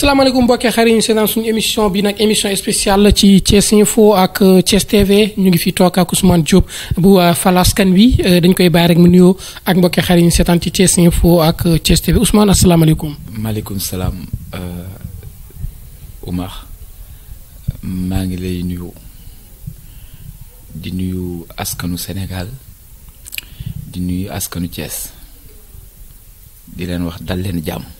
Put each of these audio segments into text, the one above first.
salaamaaleykum mbokkee xarit ñu seetaan suñu émission bi nag émission spéciale ci Thiès Info ak euh, Thiès TV ñu ngi fi toog ak Ousmane Diop bu euh, falaskan wi euh, dañ koy bàyyi rek mu nuyoo ak mbokki xarit ñu seetaan ci Thiès Info ak Thiès TV Ousmane asalaamaaleykum. maaleykum salaam Umar maa ngi lay nuyu di nuyu askanu senegal di nuyu askanu cees di leen wax dal leen jàmm.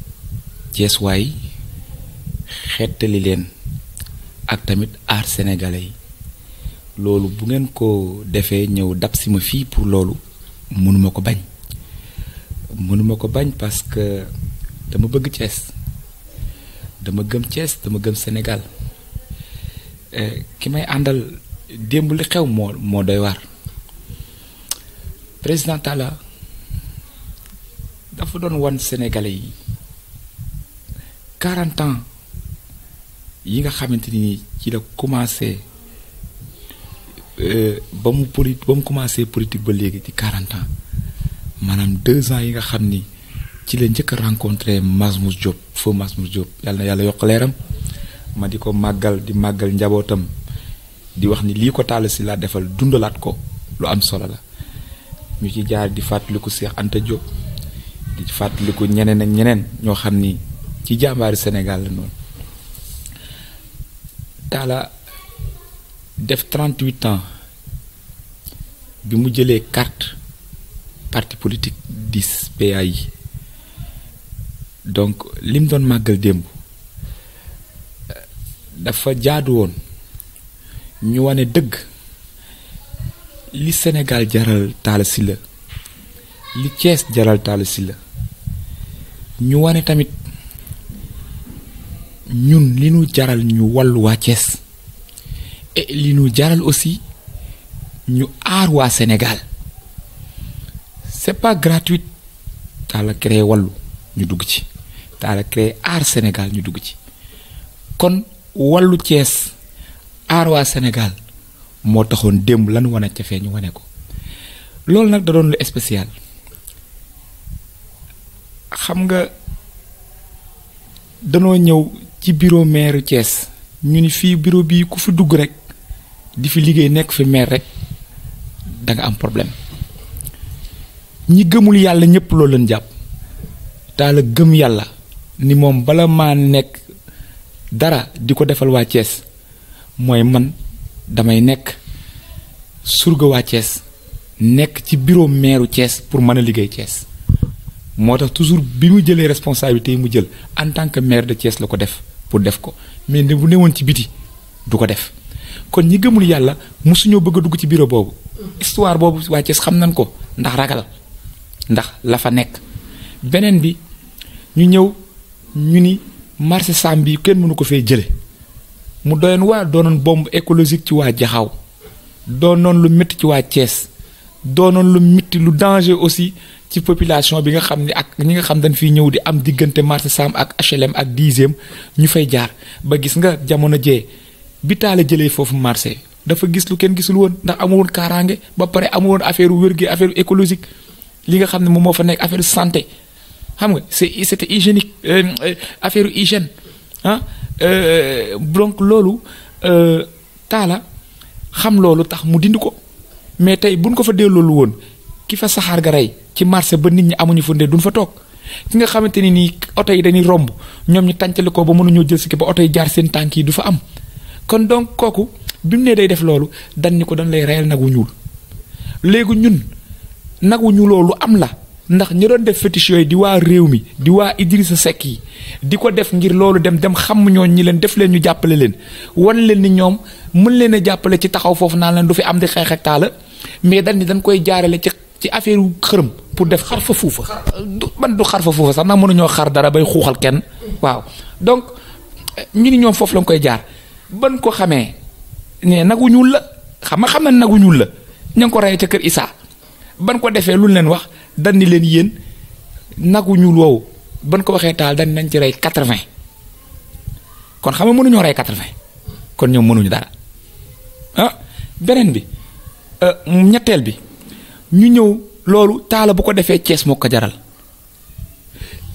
ceesuwaay xetali len ak tamit aar sénégalais lolu bu ngeen ko defee ñew dab si ma fii pour lolu mënuma ko bañ mënuma ko bañ parce que dama bëgg ties dama gëm ties dama gëm Sénégal eh, ki may andal dembu li xew mo mo doy war président tala dafa doon wan sénégalais 40 ans yi nga xamante ni ci la commencé euh, ba mu poli ba mu commencé politique ba léegi ci quarante ans maanaam deux ans yi nga xam ni ci la njëkk a rencontré Masmous Diop feu Masmous Diop yàlla na yàlla yokk leeram ma di ko màggal di màggal njabootam di wax ni lii ko si laa defal dundalaat ko lu am solo la ñu ci jaar di fàttaliku Cheikh Anta Diop di fàttaliku ñeneen ak ñeneen ñoo xam ni. ci jàmbaari Sénégal la noonu Talla def 38 ans bi mu jëlee carte parti politik 10 PAI donc lim doon màggal démb dafa jaadu woon ñu wane dëgg li Sénégal jaral Talla Sylla li Thiès jaral Talla Sylla ñu wane tamit ñun li ñu jaral ñu wàllu waa Thiès et li ñu jaral aussi ñu aar waa Sénégal c'est pas gratuit taala créé wàllu ñu dugg ci taala créé aar Sénégal ñu dugg ci kon wàllu Thiès aar waa Sénégal moo taxoon démb lan wane ca ñu wane ko loolu nag da doon lu spécial xam nga danoo ñëw ci biro meeru Thiès ñu ni fii bureau bii ku fi dugg rek di fi liggéey nekk fi maire rek da nga am problème ñi gëmul yàlla ñëpp loolu lañ jàpp taala gëm yàlla ni moom bala maa nekk dara di ko defal waa Thiès mooy man damay nekk surga waa Thiès nekk ci bureau meeru Thiès pour mën a liggéey Thiès moo tax toujours bi mu jëlee responsabilité yi mu jël en tant que maire de Thiès la ko def pour def ko mais ne bu newoon ci biti du ko def kon ñi gëmul yàlla mosuñoo bëgg a dugg ci bureau boobu histoire boobu waa Thiès xam nañ ko ndax ragal ndax la fa nekk beneen bi ñu ñëw ñu ni marché Sam bi kenn mënu ko fee jële mu doyoon waa doonoon bombe écologique ci waa Jaxaaw doonoon lu métti ci waa Thiès doonoon lu métti lu danger aussi ci population bi nga xam ne ak ñi nga xam dañ fiy ñëw di am diggante marché Sam ak achelem ak dixième ñu fay jaar ba gis nga jamono jee bi taale jëlee foofu marché dafa gis lu kenn gisul woon ndax amul woon kaaraange ba pare amul woon affaire wérgu affaire écologique li nga xam ne moom moo fa nekk affaire santé xam nga c' est c' était euh, affaire hygiène ah euh, donc loolu euh, taala xam loolu tax mu dindi ko mais tey buñ ko fa delloolu woon. ki fa saxaar ga rey ci marché ba nit ñi amuñu fu ne duñ fa toog ki nga xamante ni nii oto yi dañuy romb ñoom ñu tàncali ko ba mënuñoo jël si ba oto yi jaar seen tànk yi du fa am kon donc kooku bi mu day def loolu dan ko dañ lay reyal nag ñuul léegi ñun nag wu am la ndax ñi def fétiche yooyu di waa réew mi di waa Idrissa Seck yi di ko def ngir loolu dem dem xam ñi leen def leen ñu jàppale leen wan leen ni ñoom mën leen a jàppale ci taxaw foofu naan leen du fi am di xeex ak taala mais dañ ni dañ koy jaarale ci ci affaire xërëm pour def xar fa fuufa man du xar fa fuufa sax mënu ñoo xar dara bay xuuxal kenn waaw donc ñu ni ñoom foofu la koy jaar ban ko xamee ne nagu ñuul la xam xam na nagu ñuul la ña ko rey ca kër isa ban ko defee lu leen wax dan ni leen yéen nagu ñuul ban ko waxee taal dan nañ ci rey 80 kon xam nga ñoo rey 80 kon ñoom mënuñu dara ah benen bi euh, ñettel bi. ñu ñëw loolu taala bu ko defee cees moo ko jaral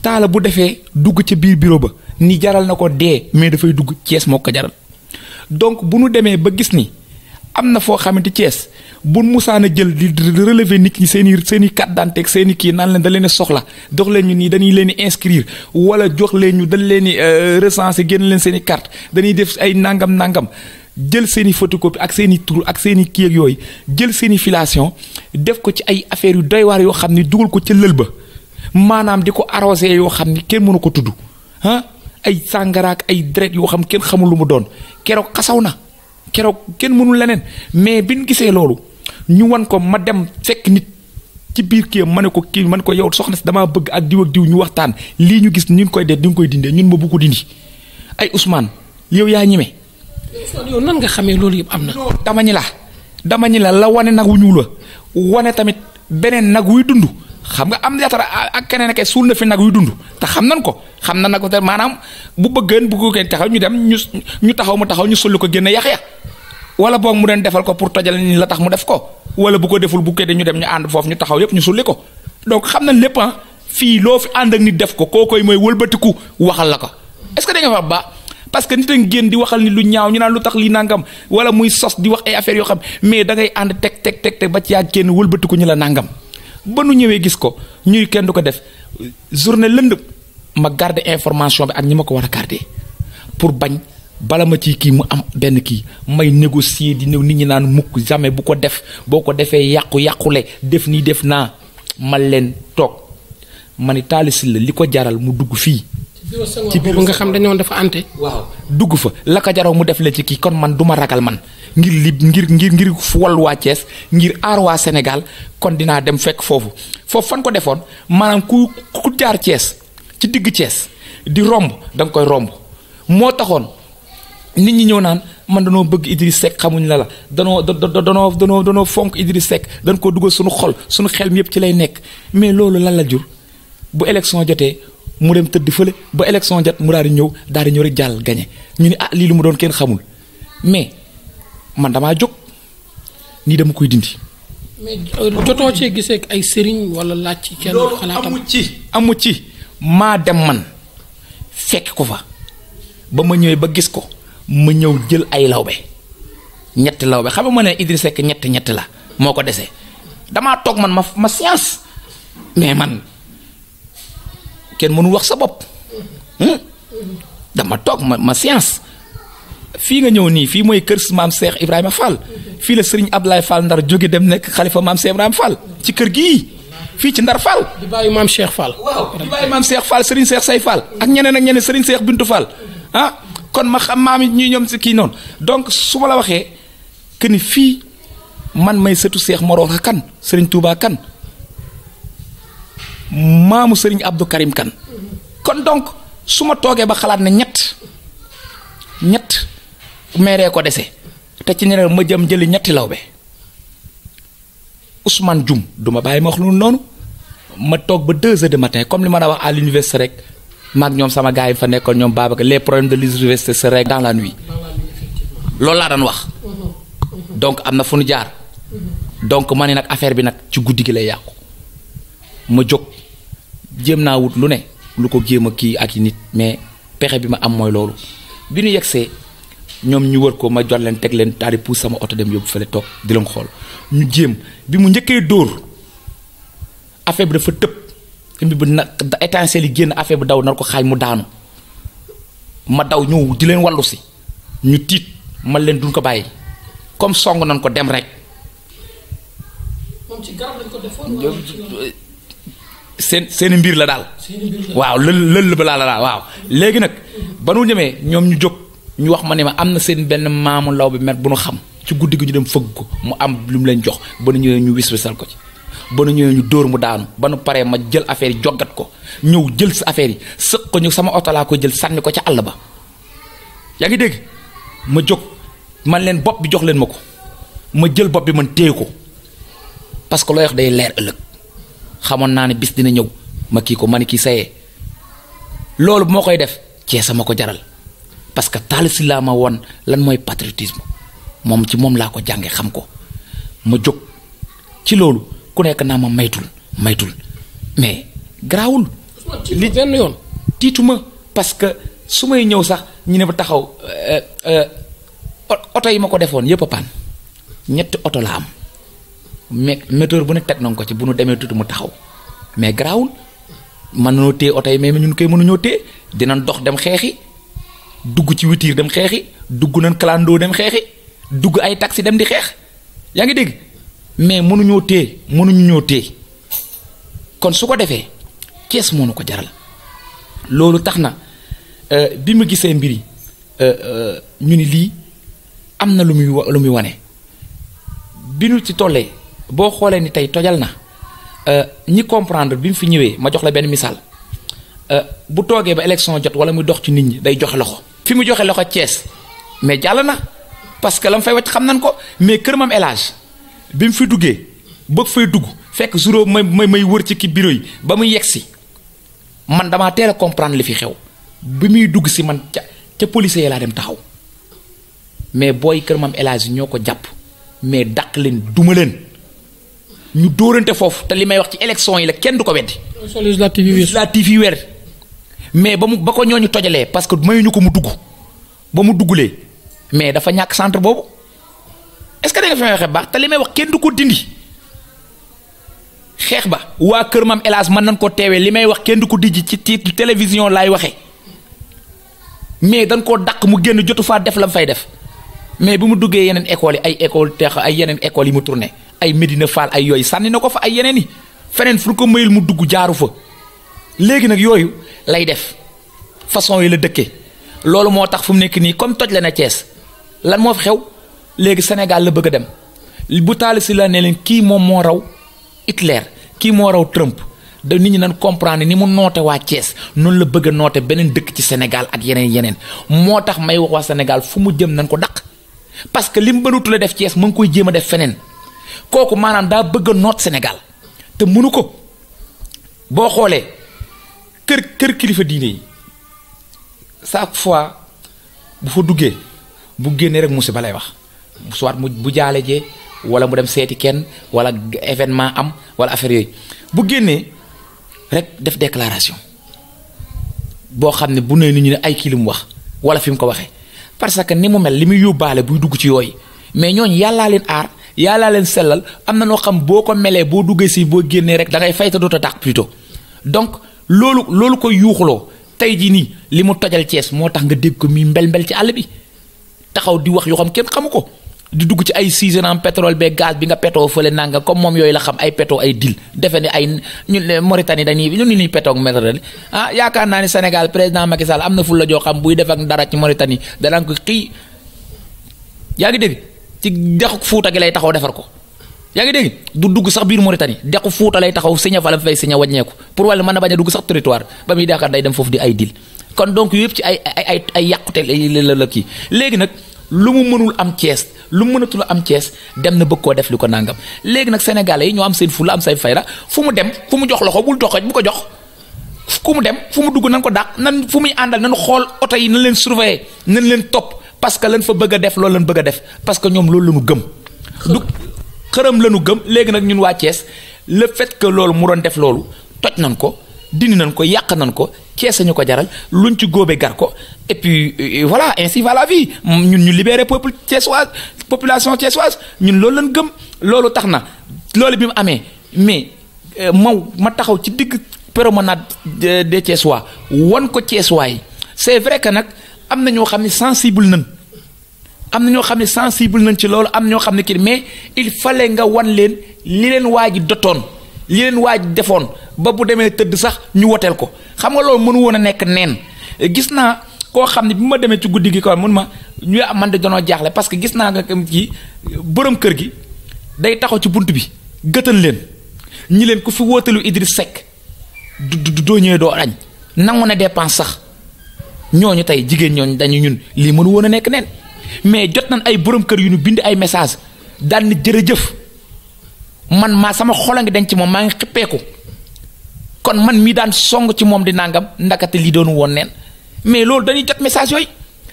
taala bu defee dugg ca biir bureau ba ni jaral na ko dee mais dafay dugg cees moo ko jaral donc bu nu demee ba gis ni am na foo xamante Thiès bu musaan a jël di relever nit ñi seen i seen i carte d'identité seen i kii naan leen da leen a soxla jox leen ñu nii dañuy leen di inscrire wala jox leen ñu dañ leen di euh, recenser génn leen seen i carte dañuy def ay nangam nangam jël seen i ak seeni i ak seeni i kii ak yooyu jël seen i def ko ci ay affaires yu doy waar yoo xam ni dugal ko ci lël ba maanaam di ko arrosé yoo xam ni kenn mënu ko tudd ah ay sàngaraak ay deret yoo xam kenn xamul lu mu doon keroog xasaw na keroog kenn mënul leneen mais bi ñu gisee loolu ñu wan ko ma dem fekk nit ci biir kii ma ne ko kii ma ne ko yow soxna si damaa bëgg ak diw ak diw ñu waxtaan lii ñu gis ñu koy dee ñu koy dindee ñun ma bu ko ay Ousmane yow yaa ñime. yow nan nga xamee loolu yëpp am na. dama ñi la dama ñi la la wane nag wu ñuul la wane tamit beneen nag wuy dund xam nga am yatara ak keneen ak suul na fi nag wuy dund te xam nan ko xam na nag te maanaam bu bëggeen bu ko kenn taxaw ñu dem ñu ñu taxaw mu taxaw ñu sulli ko génne yax ya wala boog mu doon defal ko pour tojal ni la tax mu def ko wala bu ko deful bu kii ñu dem ñu ànd foofu ñu taxaw yëpp ñu sulli ko donc xam nañ lépp ah, fii loo fi ànd ak nit def ko koo koy mooy wëlbatiku waxal la ko est ce nga fa ba parce que nit a ngi di waxal ni lu ñaaw ñu naan lu tax lii nangam wala muy sos di wax ay affaire yoo xam mais dangay ànd teg teg teg ba ci yàgg kenn wëlbati ko ñu la nangam ba nu ñëwee gis ko ñuy kenn du ko def journée lënd ma garde information bi ak ñi ma ko war a garder pour bañ bala ma ci kii mu am benn kii may négocier di néew nit ñi naan mukk jamais bu ko def boo ko defee yàqu-yàqule def nii def naa man leen toog ma ni Talla Sylla li ko jaral mu dugg fii. ci boobu nga xam dañoo dafa ante waaw dugg fa lakka ko mu def la ci kii kon man duma ma ragal man ngir li ngir ngir ngir wol waa Thiès ngir aar waa Sénégal kon dinaa dem fekk foofu foofu fan ko defoon maanaam ku ku jaar Thiès ci digg Thiès di romb danga koy romb moo taxoon nit ñi ñëw naan man danoo bëgg Idriss Seck xamuñ la la danoo danoo danoo danoo fonk Idriss Seck dañ koo dugal suñu xol suñu xel mi yëpp ci lay nekk mais loolu lan la jur bu élection jotee. mu dem tëdd fële ba élection jot mu daal di ñëw daal di ñëw rek jàll gañe ñu ni ah lii lu mu doon kenn xamul mais man damaa jóg nii dama koy dindi. mais euh, jotoo cee gisee ay sëriñ wala laaj ci kenn xalaatam amu ci amu maa dem man fekk ko fa ba ma ñëwee ba gis ko ma ñëw jël ay lawbe ñetti lawbe xam nga ma ne Idriss Seck ñetti ñetti la moo ko dese damaa toog man ma ma mais man. Ken mënu wax sa hmm dama tok ma ma science fii nga ñew ni fii moy kër mam Cheikh Ibrahima Fall fii le Serigne Abdoulaye Fall Ndar jóge dem nek khalifa mam Cheikh Ibrahima Fall ci kër gi fii ci Ndar Fall. di baye maam Cheikh Fall. waaw di baye maam Cheikh Fall Serigne Cheikh Say Fall ak ñeneen ak ñeneen Serigne Cheikh bintou Fall ah kon ma xam mam ñi ñom ci ki non donc su la que ni fii man may setu Cheikh Moro kan Serigne Touba kan mamu serigne abdou karim kan kon donc suma toge nyet ba xalat ne ñet ñet meeree ko dese té ci ñëral ma jëm jëli ñetti lawbe ousmane djum duma ma ma wax lu noonu ma tok ba 2h du matin comme li ma wax à l'université rek ñom sama gaay yi fa nekkoon ñoom baabaka les problèmes de l'université se règle dans la nuit lool la dañ wax mmh, mmh, mmh. donc amna fu ñu jaar donc mané nak affaire bi nak ci lay ma jóg jéem naa wut lu ne lu ko jéem a kii ak yi nit mais pexe bi ma am mooy loolu bi ñu yegsee ñoom ñu wër ko ma jot leen teg leen daal di pousse sama oto dem yóbbu fële toog di leen xool ñu jéem bi mu njëkkee dóor affaire bi dafa tëb bi bu na étincelle yi génn affaire bi daw nar ko xaaj mu daanu ma daw ñëw di leen wallu si ñu tiit man leen duñ ko bàyyi comme song nañ ko dem rek. seen seen mbiir la daal. waaw lël lël ba laa la daal waaw. léegi nag ba nu demee ñoom ñu jóg ñu wax ma ne ma am na seen benn maamu law bi met bu nu xam ci guddi gi ñu dem fëgg ko mu am lu mu leen jox ba nu ñëwee ñu wis wisal ko ci. ba nu ñëwee ñu dóor mu daanu ba nu paree ma jël affaire yi joggat ko ñëw jël sa affaire yi sëq ko ñu sama oto laa jël sànni ko ca àll ba yaa ngi dégg ma jóg man leen bopp bi jox leen ma ko ma jël bopp bi man téye ko parce que looy wax day leer ëllëg. xamoon naa ne bis dina ñëw ma kii ko ma ni kii sayee loolu moo koy def Cees ma ko jaral parce que Talla Sylla ma woon lan mooy patriotisme moom ci moom laa ko jànge xam ko ma jóg ci loolu ku nekk naa ma maytul maytul mais garaawul li benn yoon tiitu ma parce que su may ñëw sax ñu ne ba taxaw euh, euh, oto yi ma ko defoon yëpp a paan ñetti oto la am mais moteur bu ne teg nañ ko ci bu nu demee tuuti mu taxaw mais garaawul mën nañoo téye oto yi mais ñun koy mënuñoo téye dina dox dem xeexi dugg ci witiir dem xeexi dugg nañ kalandoo dem xeexi dugg ay taxi dem di xeex yaa ngi dégg mais mënuñoo téye mënuñu ñoo téye kon su ko defee kees moo nu ko jaral loolu tax na euh, bi mu gisee mbiri euh, euh, ñu ni lii am na lu muy lu muy wane bi nu ci tollee boo xoolee ni tey tojal na euh, ñi comprendre bi mu fi ñëwee ma jox la benn misaal euh, bu toogee ba élection jot wala muy dox ci nit ñi day joxe loxo fi mu joxe loxo cees mais jàll na parce que la mu fay wacc xam nañ ko mais kër Mame El bi mu fi duggee bëgg fay dugg fekk juróom may may may wër ci ki bureau yi ba muy yegg si man damaa teel a comprendre li fi xew bi muy dugg si man ca ca policier yi laa dem taxaw mais booy kër Mame El Hadji ñoo ko jàpp mais daq leen duma leen. ñu dóorante foofu te li may wax ci élection yi la kenn du ko weddi. législative yi weer mais ba mu ba ko ñooñu tojalee parce que mayuñu ko mu dugg ba mu duggulee mais dafa ñàkk centre boobu est-ce que da nga fi may waxee baax te li may wax kenn du ko dindi xeex ba waa kër maam hélas mën nañ ko teewee li may wax kenn du ko dijji ci tiit télévision laay waxee mais dan koo daq mu génn jotu faa def la mu fay def mais bi mu duggee yeneen école yi ay école teex ay yeneen école yi mu tourné. ay Medina Fall ay yooyu sànni na ko fa ay yeneen i feneen fu ko mayul mu dugg jaaru fa léegi nag yooyu lay def façon yi la dëkkee loolu moo tax fu mu nekk nii comme toj la na Thiès lan moo fi xew léegi Sénégal la bëgg a dem bu taali si la ne leen kii moom moo raw Hitler kii moo raw Trump da nit ñi nan comprendre ni mu noote waa Thiès noonu la bëgg a noote beneen dëkk ci Sénégal ak yeneen yeneen moo tax may wax waa Sénégal fu mu jëm nañ ko daq parce que li mu bënutu la def Thiès mu ngi koy jéem a def feneen kooku maanaam daa bëgg a noot Sénégal te munu ko boo xoolee kër kër kilifa diine yi chaque fois bu fa duggee bu génnee rek musiba lay wax soit mu bu jaale jee wala mu dem seeti kenn wala événement am wala affaire yooyu bu génnee rek def déclaration boo xam ne bu nee nit ñi ne ay kii li mu wax wala fi mu ko waxee parce que ni mu mel li muy yóbbaale buy dugg ci yooyu mais ñooñu yàllaa leen aar yàllaa leen sellal am na noo xam boo ko melee boo duggee si boo génnee rek dangay ngay fay te doota tax donc loolu loolu ko yuuxuloo tey jii nii li mu tojal Cees moo tax nga dégg ko muy mbel-mbel ci àll bi taxaw di wax yoo xam kenn xamu ko di dugg ci ay sisonam pétrole bee gaz bi nga petoo fële nanga comme moom yooyu la xam ay petoo ay dil defe ne ay ñun eh, Mauritanie dañuy ñun ni ñuy petoo ak métadali ah yaakaar naa ne Sénégal président Macky am na ful la joo xam buy def ak dara ci Mauritanie danaa ko xii ngi dégg ci dexu fuuta gi lay taxaw defar ko yaa ngi dégg du dugg sax biir Mauritanie dexu fuuta lay taxaw sañ a fa la fay sañ a wàññeeku pour wàllu mën na bañ a dugg sax territoire ba muy daakaar day dem foofu di ay dil kon donc yëpp ci ay ay ay ay yàqute la la kii léegi nag lu mu mënul am Thiès lu mu mënatul am Thiès dem na bëgg koo def li ko nàngam léegi nag sénégalais yi ñoo am seen fulla am seen fayda fu mu dem fu mu jox loxo dox toxoj bu ko jox ku mu dem fu mu dugg nan ko dàq nan fu muy àndal nan xool oto yi nan leen surveiller nan leen topp parce que lan fa bëgg a def loolu lan bëgg a def parce que ñoom loolu la ñu gëm. du xërëm lañu gëm léegi nag ñun waa Thiès le fait que loolu mu doon def loolu toj nañ ko dindi nañ ko yàq nañ ko Thiès ñu ko jaral luñ ci góobee gar ko et puis et euh, euh, voilà ainsi va la vie ñun ñu libéré peuple thiessoise population thiessoise ñun loolu lañ gëm loolu tax na loolu bi mu amee mais euh, maw ma taxaw ci digg promenade des Thiessois won ko Thiessois yi c'est vrai que nag. am na ñoo xam ne sensible nañ am na ñoo xam ne sensible nañ ci loolu am ñoo xam ne kii mais il fallait nga wan leen li leen waa ji dotoon li leen waa defoon ba bu demee tëdd sax ñu woteel ko xam nga loolu mënu woon a nekk neen gis naa koo xam ne bi ma demee ci guddi gi ko mun ma ñu ah man de danoo jaaxle parce que gis naa nga kii borom kër gi day taxaw ci bunt bi gëtal leen ñi leen ku fi wóotalu Idriss Seck du du doo ñëwee doo añ nangu na dépense sax. ñooñu tey jigéen ñooñu dañu ñun lii mënu woon a nekk neen mais jot nañ ay borom kër yu ñu bind ay message daal ni jërëjëf man maa sama xol a ngi denc moom maa ngi xëppeeku kon man mii daan song ci moom di nangam ndakate lii doonu woon neen mais loolu dañuy jot message yooyu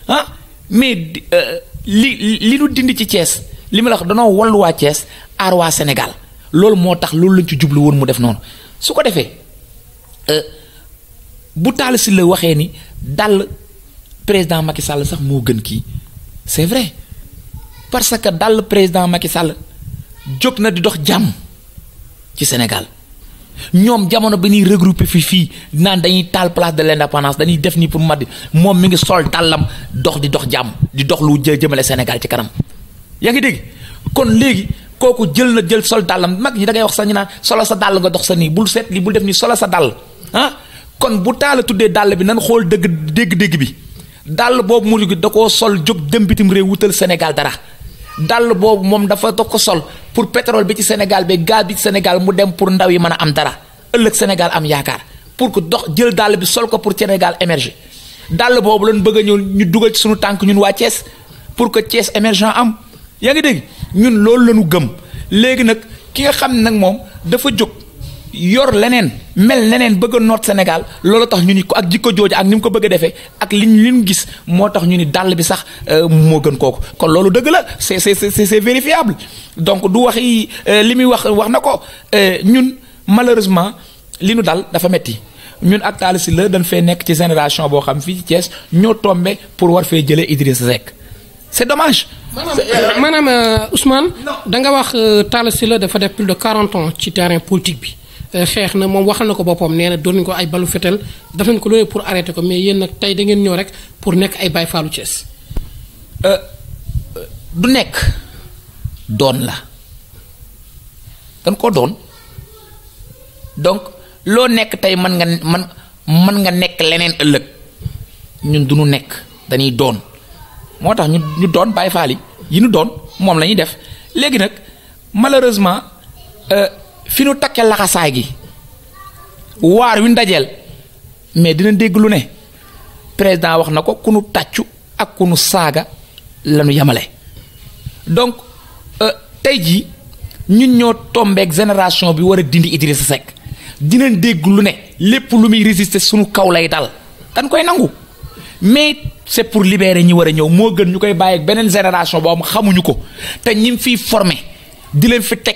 ah mais euh, li li nu dindi ci cees li ma la wax danoo wallu waa cees aar waa Sénégal loolu moo tax loolu lañ ci jublu woon mu def noonu su ko defee euh, bu taal si la waxee ni. dal président Macky Sall sax mo gën ki c'est vrai parce que dal président Macky Sall jóg na di dox jam ci Sénégal ñom jamono bi ni regroupé fi fi naan dañuy tal place de l'indépendance dañuy def ni pour Madi mom mi ngi sol talam dox di dox jam di dox lu jël jëmele Sénégal ci kanam ya ngi dégg kon légui koku jël na jël sol talam mag ñi da ngay wax sax ñu solo sa dal nga dox sa ni bul set li bul def ni solo sa dal hein ah? kon bu taala tuddee dàll bi nan xool dëgg dégg-dégg bi dàll boobu mu gi da koo sol jóg dem bitim réew wutal Sénégal dara dàll boobu moom dafa da ko sol pour pétrole bi ci Sénégal bi gaz bi ci Sénégal mu dem pour ndaw yi mën a am dara ëllëg Sénégal am yaakaar pour que dox jël dàll bi sol ko pour Sénégal émerger dàll boobu lañ bëgg ñëw ñu dugal ci suñu tànk ñun waa Thiès pour que Thiès émergent am yaa ngi dégg ñun loolu lañu gëm léegi nag ki nga xam nag moom dafa jóg. yor leneen mel leneen bëgg a noot Sénégal loolu tax ñu ni ko ak jikko jooju ak ni mu ko bëgg a defee ak liñ liñ gis moo tax ñu ni dàll bi sax euh, moo gën kooku kon loolu dëgg la c'est c'est c'est vérifiable donc du wax yi euh, li muy wax wax na ko euh, ñun malheureusement li nu dal dafa metti ñun ak Talla Sylla dañ fee nekk ci génération boo xam fii ci Thiès ñoo tombé pour war fee jëlee Idriss Seck c'est dommage. maanaam maanaam Ousmane. da nga wax Talla Sylla dafa def plus de 40 ans ci terrain politique bi. xeex na moom waxal na ko boppam nee na doon nañu ko ay balu fetel def nañu ko loolu pour arrêter ko mais yéen nag tey da ngeen ñëw rek pour nekk ay bay Fallou Thiès. Euh, euh, du nekk doon la dañ koo doon donc loo nekk tey mën nga man mën nga nekk leneen ëllëg ñun du ñu nekk dañuy doon moo tax ñu ñu doon Baye Fall yi yi ñu doon moom la ñuy def léegi nag malheureusement. Euh, fi nu takkee laxasaay gi waar wi ndajeel mais dina dégg lu ne président wax na ko ku nu tàccu ak ku nu saaga la nu yemale donc euh, tey jii ñun ñoo tombeek génération bi war a dindi Idrissa Seck dina dégg lu ne lépp lu muy résister sunu kaw lay dal dañ koy nangu mais c'est pour libérer ñi war a ñëw moo gën ñu koy bàyyi beneen génération boo xamuñu ko te ñim fiy formé di leen fi teg.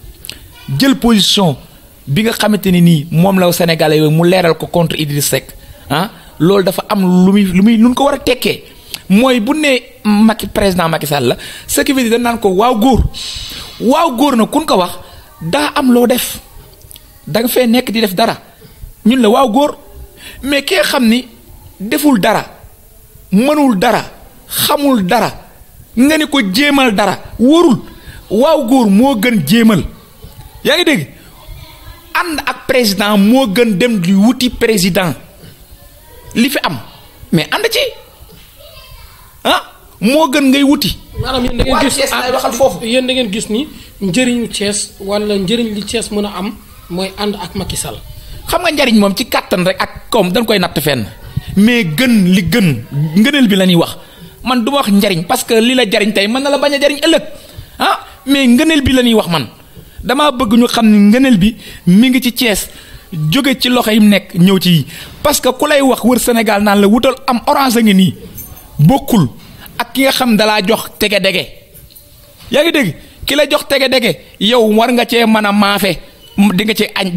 jël position bi nga xamante ne nii moom la Sénégalais yooyu mu leeral ko contre Idriss Seck ah loolu dafa am lu muy lu muy lu ko war a tekkee mooy bu nee Macky président Macky Sall la ce qui veut naan ko waaw góor waaw góor na kun ko wax daa am loo def da nga nekk di def dara ñun la waaw góor mais kee xam ni deful dara mënul dara xamul dara nga ni ko jéemal dara wóorul waaw góor moo gën jéemal ya ngi deg and ak président mo gën dem di wuti président li fi am mais and ci ah mo gën ngay wuti. manam yeen da ngeen gis ah, waxal fofu yeen da ngeen gis ni njeriñu ties wala njeriñ li ties mëna am moy and ak Macky Sall. xam nga njariñ mom ci katan rek ak kom, dañ koy natt fenn mais gën li gën ngeenel bi lañuy wax man duma wax njariñ parce que li la jariñ tay man na la baña jariñ ëllëg ah mais ngeenel bi lañuy wax man. damaa bëgg ñu xam ni ngëneel bi mi ngi ci cees jóge ci loxo yi mu nekk ñëw ci yi parce que ku lay wax wër Sénégal naan la wutal am orange ngi nii bokkul ak ki nga xam dalaa jox tege dege yaa ngi dégg ki la jox tege dege yow war nga cee mën a maafe di nga cee añ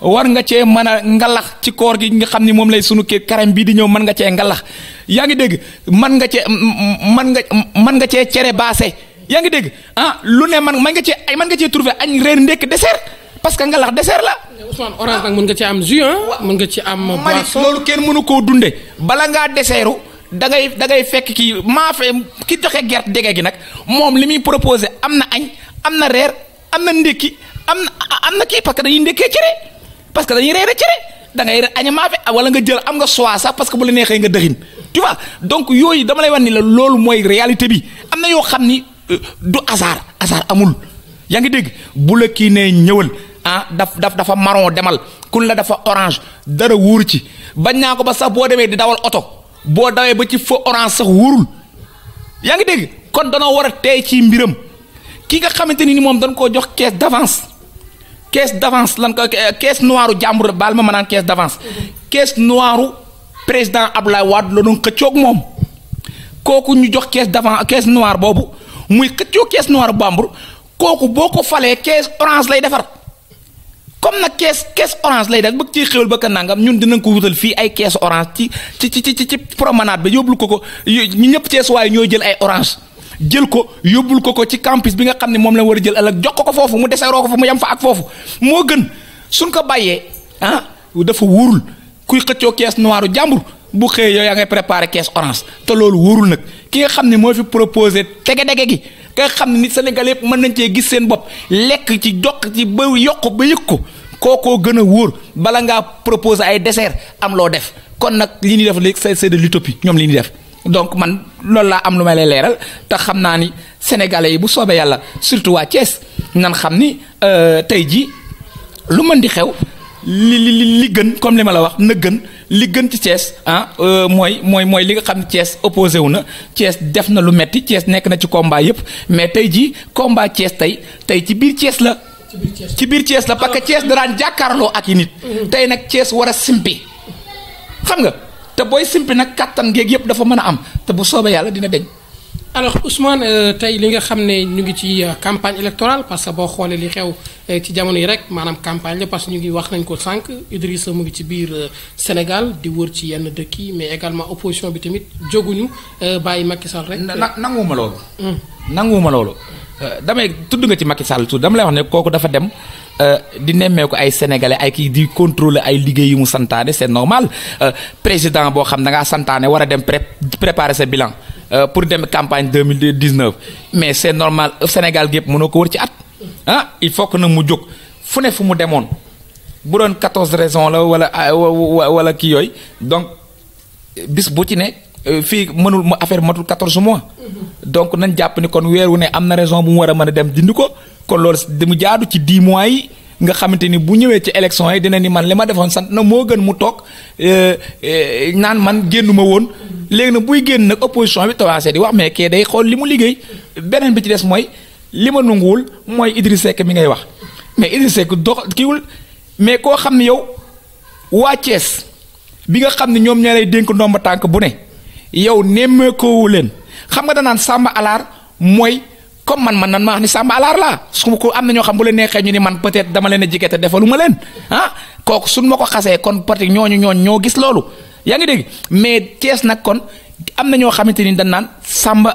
war nga cee mën a ngalax ci koor gi nga xam ni moom lay sunu kii karam bii di ñëw mën nga cee ngalax yaa ngi dégg mën nga cee mën nga mën nga cee cere baase Yang gede ah lu ne man man nga ci ay man nga ci trouver ay reer ndek dessert parce que ngalax dessert la. Ya, Ousmane orange nag mën nga ci am jus hein mën nga ci am boisson lolu ken mënu ko dundé bala nga dessertu da ngay da ngay fekk ma fe ki joxe guer dege gi nak mom limi proposer amna am amna reer pas ndeki amna amna ki parce que dañuy ci ré parce que dañuy ci ré da ngay ma fe ah, wala nga jël am nga soa sax parce que bu la nexé nga dëxin tu vois donc yoy dama lay wani la lolu moy réalité bi amna yo xamni Euh, du hasard hasard amul yaa ngi dégg bu la kii ne ñëwal ah daf daf dafa marron demal kun la dafa orange dara wóor ci bañ naa ko ba sax boo demee di dawal oto boo dawee ba ci feu orange sax wóorul yaa ngi dégg kon danoo war a tey ci mbiram ki nga xamante ni moom dañ koo jox caisse d'avance caisse d'avance lan ko caisse noiru jàmbur baal ma ma naan caisse d'avance caisse noiru président Abdoulaye Wade la doon xëccoog moom kooku ñu jox caisse d'avance caisse noire boobu muy xëccoo caisse noir bambur kooku boo ko falee caisse orange lay defar comme nag caisse caisse orange lay def bëgg ciy xéwal ba ka nangam ñun dinañ ko wutal fii ay caisse orange ci ci ci ci ci promenade bi yóbbul ko ko ñu ñëpp caisse waaye ñoo jël ay orange jël ko yóbbul ko ko ci campus bi nga xam ne moom la war a jël ëllëg jox ko ko foofu mu deseeroo ko fa mu yem fa ak foofu moo gën suñ ko bàyyee ah dafa wóorul kuy xëccoo caisse noiru jàmbur bu xëyee yow yaa ngay préparé caisse orange te loolu wóorul nag ki nga xam ne moo fi proposé tege-dege gi nga xam ne nit sénégalais yëpp mën nañ cee gis seen bopp lekk ci jokk ci ba yokk ba kookoo gën a wóor bala ngaa proposé ay dessert am loo def kon nag li ñuy def léegi c'est de l'utopie ñoom li ñuy def donc man loolu laa am lu may lay leeral te xam naa ni sénégalais yi bu soobee yàlla surtout waa Thiès nan xam ni euh, tey jii lu mën di xew li li li gën comme li la wax na gën. li gën ci Thiès ah euh, mooy mooy mooy li nga xam cees Thiès wu na Thiès def na lu metti Thiès nekk na ci combat yëpp mais tey jii combat Thiès tey tey ci biir Thiès la. ci biir cees la parce que Thiès daraan jàkkaarloo ak yi nit. tey nag Thiès war a simpi xam nga te booy simpi nag kàttan géeg yëpp dafa mën a am te bu soobee yàlla dina deñ alors Ousmane euh, tay li nga xamné ñu ngi ci euh, campagne électorale parce que bo xolé li xew euh, ci jamono yi rek manam campagne la parce que ñu ngi wax nañ ko sank Idrissa mu ngi ci biir Sénégal di wër ci yenn dëkk yi mais également opposition bi tamit jóguñu bàyyi Macky Sall rek. nanguma lool nanguma lool loolu. Hmm. damay tudd nga ci Macky Sall tout dama lay wax né koku dafa dem. di nemmeeku ay sénégalais ay kii di contrôler ay liggéey yu mu santaane c'est normal président boo xam da ngaa santaane war a dem pré préparer sa bilan. Euh, pour dem campagne deux mille dix neuf mais c' est normal Sénégal gépp mënoo ko wër ci at ah il faut que nag mu jóg fu ne fu mu demoon bu doon quatorze raisons la wala euh, wala kii yooyu donc bis bu ci ne euh, fii mënul ma affaire matul quatorze mois donc nañ jàpp ni kon weer ne am na raison bu mu war a mën a dem dindi ko kon loolu mu jaadu ci dix mois yi. nga xamante ni bu ñëwee ci élection yi dina ni man li ma defoon sant na moo gën mu toog euh, euh, naan man ma woon léegi nag buy génn nag opposition bi tawaasee di wax mais kee day xool li mu liggéey beneen bi ci des mooy li ma nanguwul mooy Idriss Seck mi ngay wax mais Idriss Seck dox kiiwul mais koo xam ne yow waa Thiès bi nga xam ne ñoom ñoo lay dénk ndomba tànk bu ne yow nemmeekoowu leen xam nga danaan sàmm alaar mooy. comme man man nan ma wax ni samba alar la su ko am na xam bu le ñu ni man peut être dama leen a leen ah kok suñ mako xasse kon parti ñooñu ñooñ ñoo gis lolu ya ngi deg mais ties nak kon am na xamanteni xamante ni dañ samba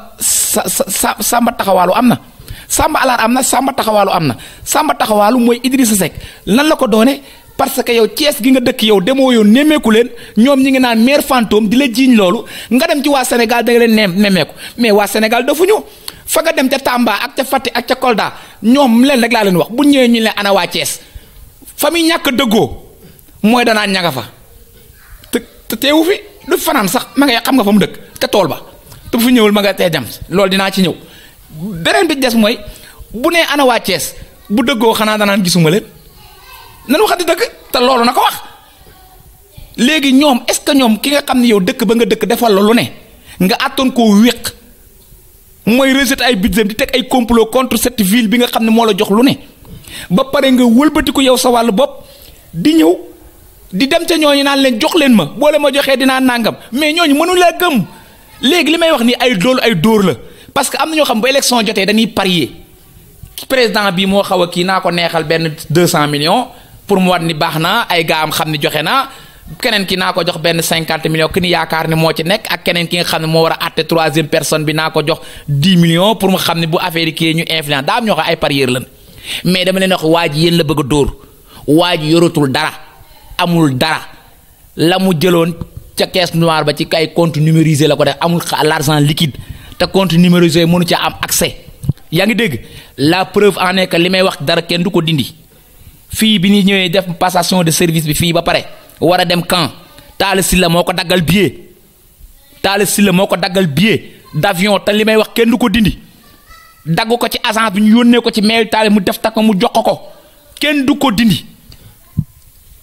samba amna, samba sàmba amna samba takawalu amna, samba takawalu na sàmba sesek. Idrissa sek lan la ko doone parce que yow ties gi nga dëkk yow demo yow nemeku, len ñom ñi ngi naan mère fantôme di la jiiñ lolu nga dem ci wa Sénégal da nga leen nemeku mais wa Sénégal fa nga dem ca Tamba ak ca fatte ak ca Kolda ñom leen rek la leen wax bu ñewé ñu leen ana waa Thiès fa muy ñàkk dëggoo ñanga fa te te teewu fi du fanan sax ma nga xam nga famu dekk dëkk te tool ba te bu fi ma nga te dem lool dina ci ñew benen bi dess moy bu ne ana waa Thiès bu dëggoo xanaa danaan gisuma leen nan di dekk te loolu nako wax léegi ñom est ce que ki nga xamni yow dekk ba nga dekk defal lu ne nga ko wiq moy rejeté ay budget di tek ay complot contre cette ville bi nga xamne ne la jox lu ne ba pare nga wëlbatiku yow sa wal bop di ñëw di dem ca ñoñu naan leen jox leen ma boo leen ma joxe dina nangam mais ñoñu mënu la gëm légui limay wax ni ay doolu ay dóor la parce que amna na xam bu élection jotee dañuy parier président bi mo xawa ki kii ko neexal ben 200 millions pour mo wat ni baax ay gaa am xam joxe naa keneen ki naa ko jox benn millions ki ni yaakaar ci nekk ak keneen ki nga xam ne moo war troisième personne dix millions pour mu xam bu affaire yi ñu influence daa am ay parieur lan mais dama leen wax waa yéen la bëgg a dóor waa yoratul dara amul dara la mu jëloon ca caisse noire ba ci compte numérisé la def amul liquide te compte numérisé mënu ci am accès yaa ngi la preuve en est que li wax dara kenn du ko dindi fii bi ñëwee def passation de service bi fii war a dem camp Talla Sylla moo ko daggal billet Talla Sylla moo ko daggal billet d'avion te li may wax kenn du ko dindi dagg ko ci agence bi ñu yónnee ko ci mairie Talla mu def takk mu jox ko ko kenn du ko dindi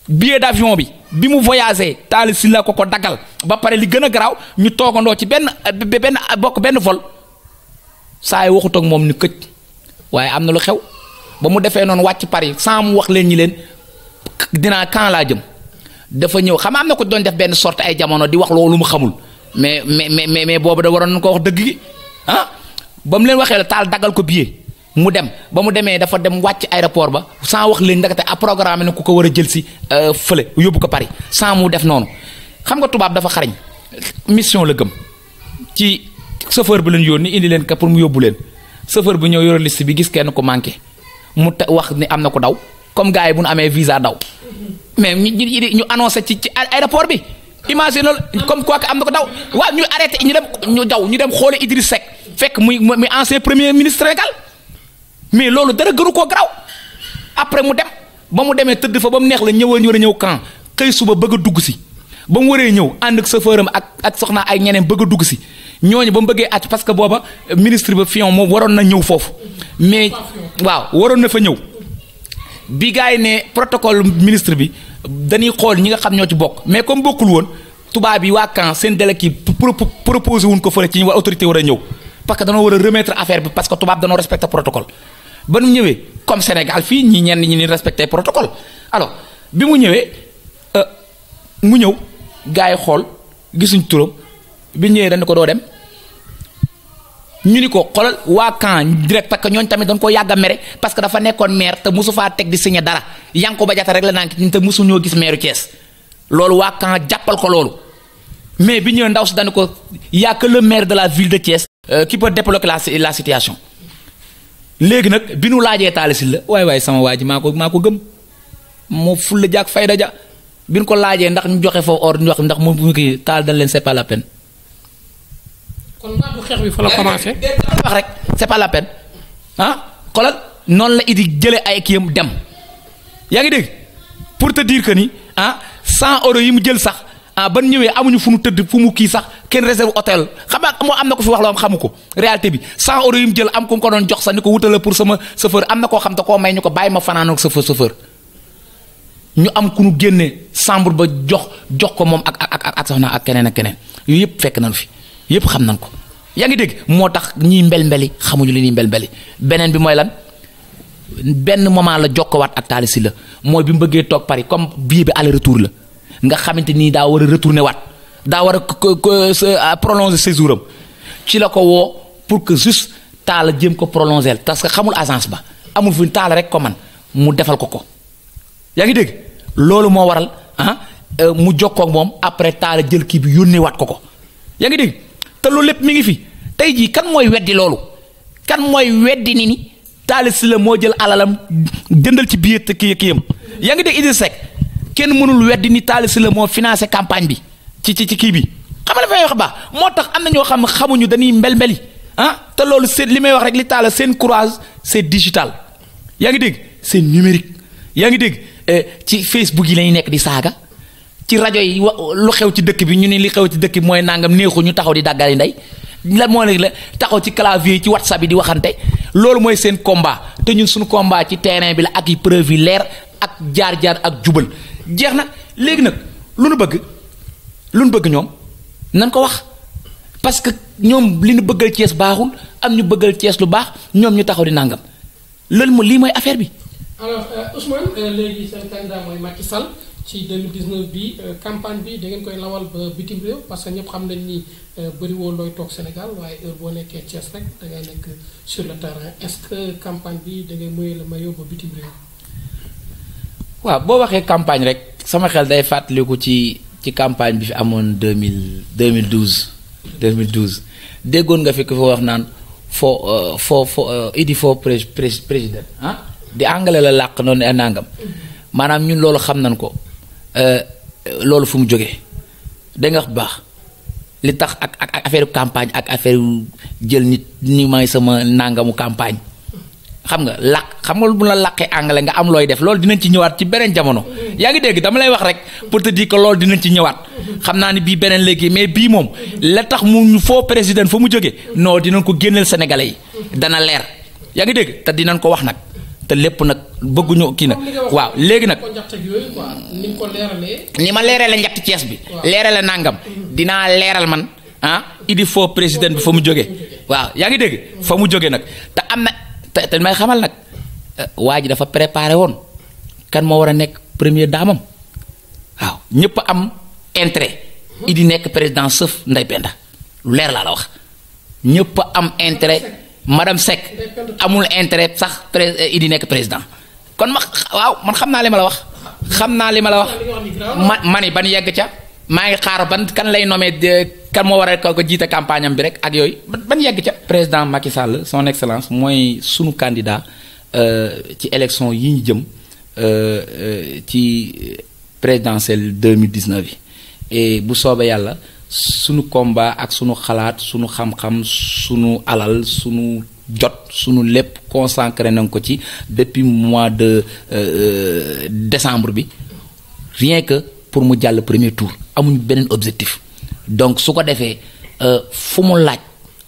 billet d'avion bi bi mu voyagé Talla Sylla ko ko daggal ba pare li gën a garaaw ñu toogandoo ci benn benn bokk benn vol saa yi waxut moom ni këj waaye am na lu xew ba mu defee noonu wàcc pare sans mu wax leen ñi leen dinaa kan laa jëm. dafa ñew xam amna ko doon def ben sorte ay jamono di wax loolu mu xamul mais mais mais mais bobu da waron ko wax deug gi ah bam leen waxe taal dagal ko billet mu dem ba mu demee dafa dem wàcc aéroport ba sans wax leen ndakate a programme ne ku ko war a jël si euh, fële yóbbu ko Paris sans mu def noonu xam nga tubaab dafa xariñ mission la gëm ci chauffeur bi leen yónni indi leen ka pour mu yóbbu leen chauffeur bi ñëw yore liste bi gis kenn ko manqué mu wax ni am na ko daw comme gars yi bu amé visa daw mais ñu ñu annoncé ci aéroport bi imagine loolu comme quoi que am na ko daw wa ñu arrêté ñu dem ñu daw ñu dem xolé Idriss Seck fek muy muy ancien premier ministre Sénégal mais loolu dara gënu ko graw après mu dem ba mu démé teud fa ba mu neex la ñëwal ñu war a ñëw camp xëy suba bëgg dugg ci ba mu wéré ñëw ànd ak chauffeur ak ak soxna ay ñeneen bëgg dugg ci ñooñu ba mu bëggee àcc parce que booba ministre ba fion mo waroon na ñëw foofu mais waaw waroon na fa ñëw. bi gars yi ne protocole ministre bi dañuy xool ñi nga xam ñoo ci bokk mais comme bokkul woon tubaab yi waa camp seen délégué pro proposé wuñ ko fële ci waa autorité war a ñëw parce que dañoo war a remettre affaire bi parce que tubaab dañoo respecté protocole ba mu ñëwee comme Sénégal fii ñi ñenn ñi ni respecté protocole alors bi mu ñëwee euh, mu ñëw gars yi xool gisuñ turam bi ñëwee dañ ko doo dem. ñu ni ko xolal waa kan direct parce que ñooñ tamit dañ ko yàgg mere parce que dafa nekkoon maire te musu faa teg di signé dara yang ko ba jata rek la nank te musu ñoo gis maire Thiès loolu waa kan jàppal ko loolu mais bi ñëw ndaw si dañ ko y que le maire de la ville de Thiès euh, qui peut débloquer la, la situation léegi nag bi nu laajee taalisi la waay waay sama waa ji maa ko maa ko gëm mo fulla jaak fayda ja bi ko laaje ndax ñu joxe fo or ñu wax ndax mu ki taal dañ leen c'est pas la peine kon baatu xeex bi fa la commencé. wax rek c'est pas la peine ah xoolal noonu la Idi jëlee ay kii yam dem yaa ngi dégg pour te dire que ni ah 100 yi mu jël sax ah ban ñëwee amuñu fu mu tëdd fu mu kii sax kenn réserve hôtel xam nga moo am na ko fi wax loo xamu ko réalité bi 100 euros yi mu jël am ku mu ko doon jox sax ni ko wutala pour sama chauffeur am na koo xam te koo may ñu ko bàyyi ma fanaanoog chauffeur chauffeur ñu am ku ñu génne chambre ba jox jox ko moom ak ak ak soxna ak keneen ak keneen yooyu yëpp fekk nañu fi. yépp xam nañ ko yaa ngi dégg moo tax ñiy mbel mbeli xamuñu li ñuy mbel mbeli beneen bi mooy lan benn moment la jokkowaat ak Talla la mooy bi mu bëggee toog Paris comme billet bi aller retour la nga xamante ni daa war a retourner waat daa war a euh, prolonger séjour am ci la ko woo pour que juste jëm ko prolonger parce que xamul agence ba amul fu rek ko man mu defal ko ko yaa ngi dégg loolu moo waral ah euh, mu jokkoo ak moom après Talla jël kii bi yónnee waat ko ko yaa ngi dégg te loolu lépp mu ngi fi tey jii kan mooy weddi loolu kan mooy weddi ni ni Talla la moo jël alalam jëndal ci biir kii kiyam yaa ngi dégg indi Seck kenn mënul weddi ni Talla Sylla moo financé campagne bi ci ci ci kii bi xam nga may wax baax moo tax am na ñoo xam xamuñu dañuy mbel-mbeli ah te loolu seen li may wax rek li Talla seen courage c'est digital yaa ngi dégg c'est numérique yaa ngi dégg eh, ci Facebook yi lañu nekk di saaga ci rajo yi lu xew ci dëkk bi ñu ne li xew ci dëkk bi mooy nangam neexu ñu taxaw di dàggali nday lan moo la taxaw ci clavier ci whatsapp bi di waxante loolu mooy seen combat te ñun suñu combat ci terrain bi la ak preuve yi leer ak jaar-jaar ak jubal jeex na léegi lu nu bëgg lu nu bëgg ñoom nan ko wax parce que ñoom li ñu bëggal es baaxul am ñu bëggal es lu baax ñoom ñu taxaw di nangam loolu mo li mooy affaire bi alors euh, Ousmane euh, léegi seen candidat mooy Macky Sall bi euh, campagne bi da ngeen koy lawal ba bitim réew parce que ñëpp xam nañ ni bëri woo looy toog Sénégal waaye heure boo nekkee Thiès rek da nekk sur le terrain est-ce que campagne bi da ngay moye la mayo ba bitim réew. waaw boo waxee campagne rek sama xel day fàttaliku ci ci campagne bi fi amoon 2000 2012 2012 déggoon nga fekk foo wax naan foo foo foo idi foo pré président ah. di angale la lak non e nangam manam ñun lolu xam nañ ko euh, lolu fu mu joge de nga bax li tax ak ak affaire campagne ak affaire jël nit ni may sama nangamu campagne xam nga lak xam nga bu la laké anglais nga am loy def loolu dinañ ci ñëwaat ci benen jamono ya nga dégg dama lay wax rek pour te dire que loolu dinañ ci ñëwaat xam na ni bi benen légui mais bi mom la tax mu fo président fu mu non dinañ ko gënël sénégalais yi dana leer ya nga dégg ta dinañ ko wax nak te lépp nag bëgguñu kii nag waaw léegi nag ni ma leerale njatt Cees bi leerale nangam dinaa leeral man ah idi foo président bi fa mu jóge waaw yaa ngi dégg fa mu jóge nag te am na te te may xamal nag eh, waa ji dafa préparé woon kan moo war a nekk première daamam waaw ñépp am intérêt idi nekk président sëf Ndey Penda lu leer laa la wax ñëpp am intérêt madame Sek, amul intérêt sax pré euh, Idi nekk président kon ma waaw man xamna li ma la wax. Xamna naa li ma la wax ma ban yegg ca Ma ngi xaar ban kan lay nommé kan mo waral ko jiite campagne am bi rek ak yoy. ban yegg ca. président Macky Sall son excellence moy sunu candidat euh, ci élection yi ñu jëm euh, ci présidentielle 2019 et bu soobee yalla sunu combat ak sunu xalaat sunu xam-xam sunu alal sunu jot sunu lépp consacré nañ ko ci depuis mois de euh, euh, décembre bi rien que pour mu jàll premier tour amuñu beneen objectif donc su ko defee euh, fu mu laaj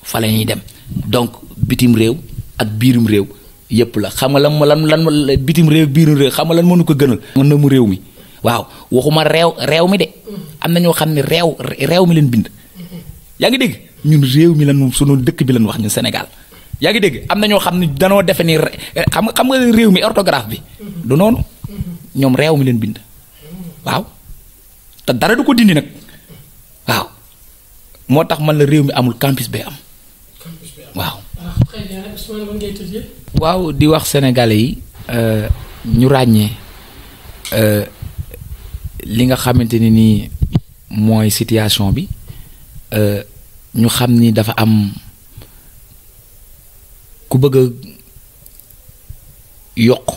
fa la ñuy dem donc bitim réew ak biirum réew yépp la xam nga lan lan lan bitim réew biirum réew xam nga lan mënu ko gënal mën na mu réew mi waaw waxuma réew réew mi de am na ñoo xam ne réew réew mi leen bind yaa ngi dégg ñun réew mi lan sunu dëkk bi lan wax ñun Sénégal yaa ngi dégg am na ñoo xam ne danoo defe ni xam nga xam nga réew mi orthographe bi du noonu ñoom réew mi leen bind waaw te dara du ko dindi nag waaw moo tax man la réew mi amul campus bee am waaw di wax sénégalais yi euh, ñu ràññee euh, li nga xamante ni nii mooy situation bi euh, ñu xam ni dafa am ku bëgg a yokk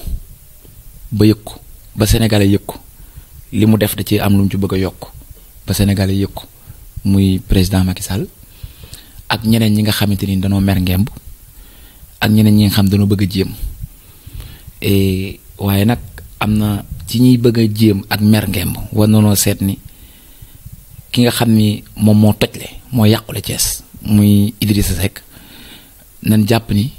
ba yëg ko ba sénégalais yëg li mu def da ci am lu mu ci bëgg a yokk ba sénégalais yëg muy président Macky ak ñeneen ñi nga xamante ni danoo mer ngemb ak ñeneen ñi nga xam danoo bëgg a jéem waaye nag am na ci ñuy bëgg a jéem ak mer ngemb war nanoo seet ni ki nga xam ni moom moo tojle moo yàqule Cees muy Idrissa Seck nan jàpp ni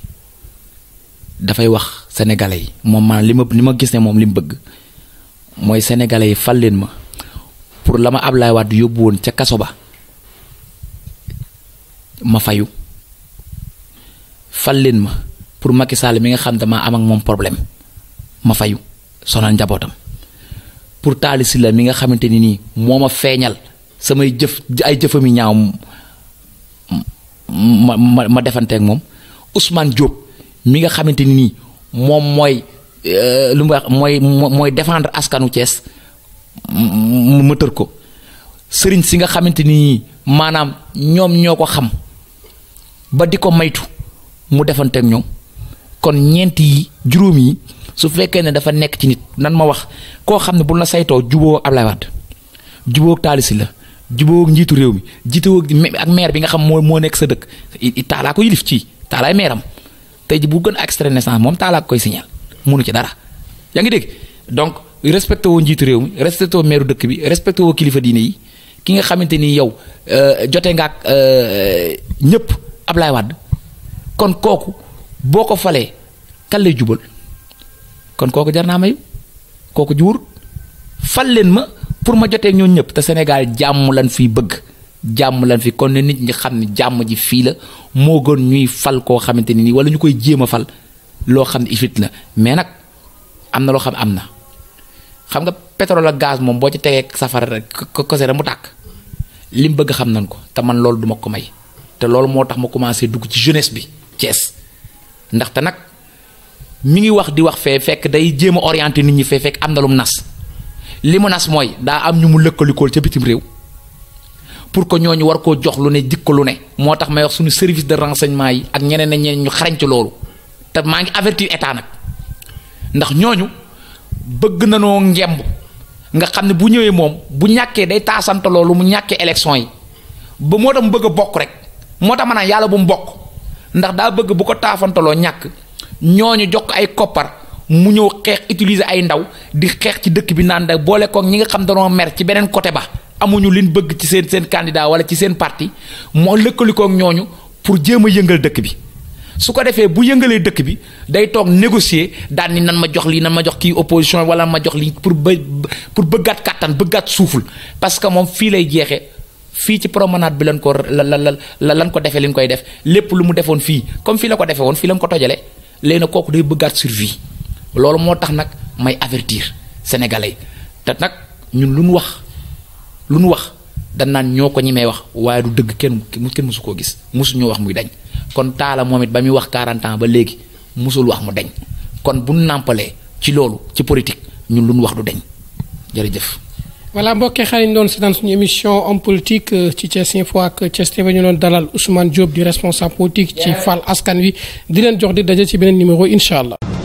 dafay wax sénégalais yi moom maanaam li ma li ma gis ne moom li mu bëgg mooy sénégalais yi fal leen ma pour la ma Ablaye Wade yóbbu woon ca kaso ba ma fayu fal leen ma pour Macky Sall mi nga xam dama am ak moom problème ma fayu sonal njabotam pour talisi la mi nga xamanteni ni moma feñal samay jëf ay jëfami ñaaw ma ma defante ak mom Ousmane Diop mi nga xamanteni ni mom moy euh, lu mu wax moy moy défendre askanu Thiès ma tër ko serigne si nga xamanteni ni maanaam ñoom xam ba diko maytu mu ak ñom kon ñeent yi su fekkee ne dafa nekk ci nit nan ma wax koo xam ne bu la saytoo juboo Ablaye Wade juboo taalisi la juboo njiitu réew mi jiitoo ak maire bi nga xam moo moo nekk sa dëkk taalaa ko yilif ci taalaay am tey ji bu gën extrait naissance moom taalaa ko koy signal munu ci dara yaa ngi dégg donc respecté woo njiitu réew mi respecté woo maire dëkk bi respecté woo kilifa diine yi ki nga xamante ni yow euh, jote nga ak euh, ñëpp Ablaye wad kon kooku boo ko falee kan kon koku jarna may koku jur fal len ma pour ma jotté ñoon ñep té Sénégal jamm lan fi bëgg jamm lan fi kon nit ñi xamni jamm ji fi la mo gën ñuy fal ko xamanteni ni wala ñukoy jema fal lo xamni ifit la mais nak amna lo xam amna xam nga pétrole ak gaz mom bo ci safar rek kose rek mu tak lim bëgg xam nañ ko té man lool duma ko may té lool motax ma commencé dugg ci jeunesse bi Thiès té nak mi ngi wax di wax fe fek day jema orienter nit ñi fe fek am lu nas li nas moy da am ñu mu lëkkalikool ci bitim rew pour ko ñoñu war ko jox lu ne jikko lu ne motax may wax suñu service de renseignement yi ak ñeneen na ñeneen ñu xarañ ci lolu ta ma ngi avertir état nak ndax ñoñu bëgg na no ngemb nga xam bu ñëwé mom bu ñaké day taasante lolu mu ñaké élection yi bu motam bëgg bok rek motam na yalla bu mbok ndax da bëgg bu ko tafantalo ñak ñooñu jox ay koppar mu ñëw xeex utiliser ay ndaw di xeex ci dëkk bi naan da boole ko ñi nga xam danoo mer ci beneen côté ba amuñu liñ bëgg ci seen seen candidat wala ci seen parti moo lëkkalikook ñooñu pour jéem a yëngal dëkk bi su ko defee bu yëngalee dëkk bi day toog négocier daan ni nan ma jox lii nan ma jox kii opposition wala ma jox lii pour pour bëggaat kàttan bëggaat suuful parce que moom fii lay jeexee fii ci promenade bi lan ko la la lan ko defee koy def lépp lu defoon fii comme fii la ko defee woon fii lañ ko tojalee léegi nag kooku day bëggaat survie loolu moo tax nag may avertir sénégalais te nag ñun lu nu wax lu nu wax dañ naan ñoo ko ñi may wax waaye du dëgg kenn kenn mësu koo gis mësu ñoo wax muy dañ kon taala moom it ba muy wax 40 ans ba léegi mosul wax mu dañ kon bu nàmpalee ci loolu ci politique ñun lu nu wax du dañ jërëjëf. voilà mbokk yi xarit ñu doon seetaan suñu émission homme politique euh, ci Thiès Info ak Thiès TV ñu doon dalal Ousmane Diop di responsable politique ci Fal Askan Wi di leen jox di daje ci beneen numéro incha allah.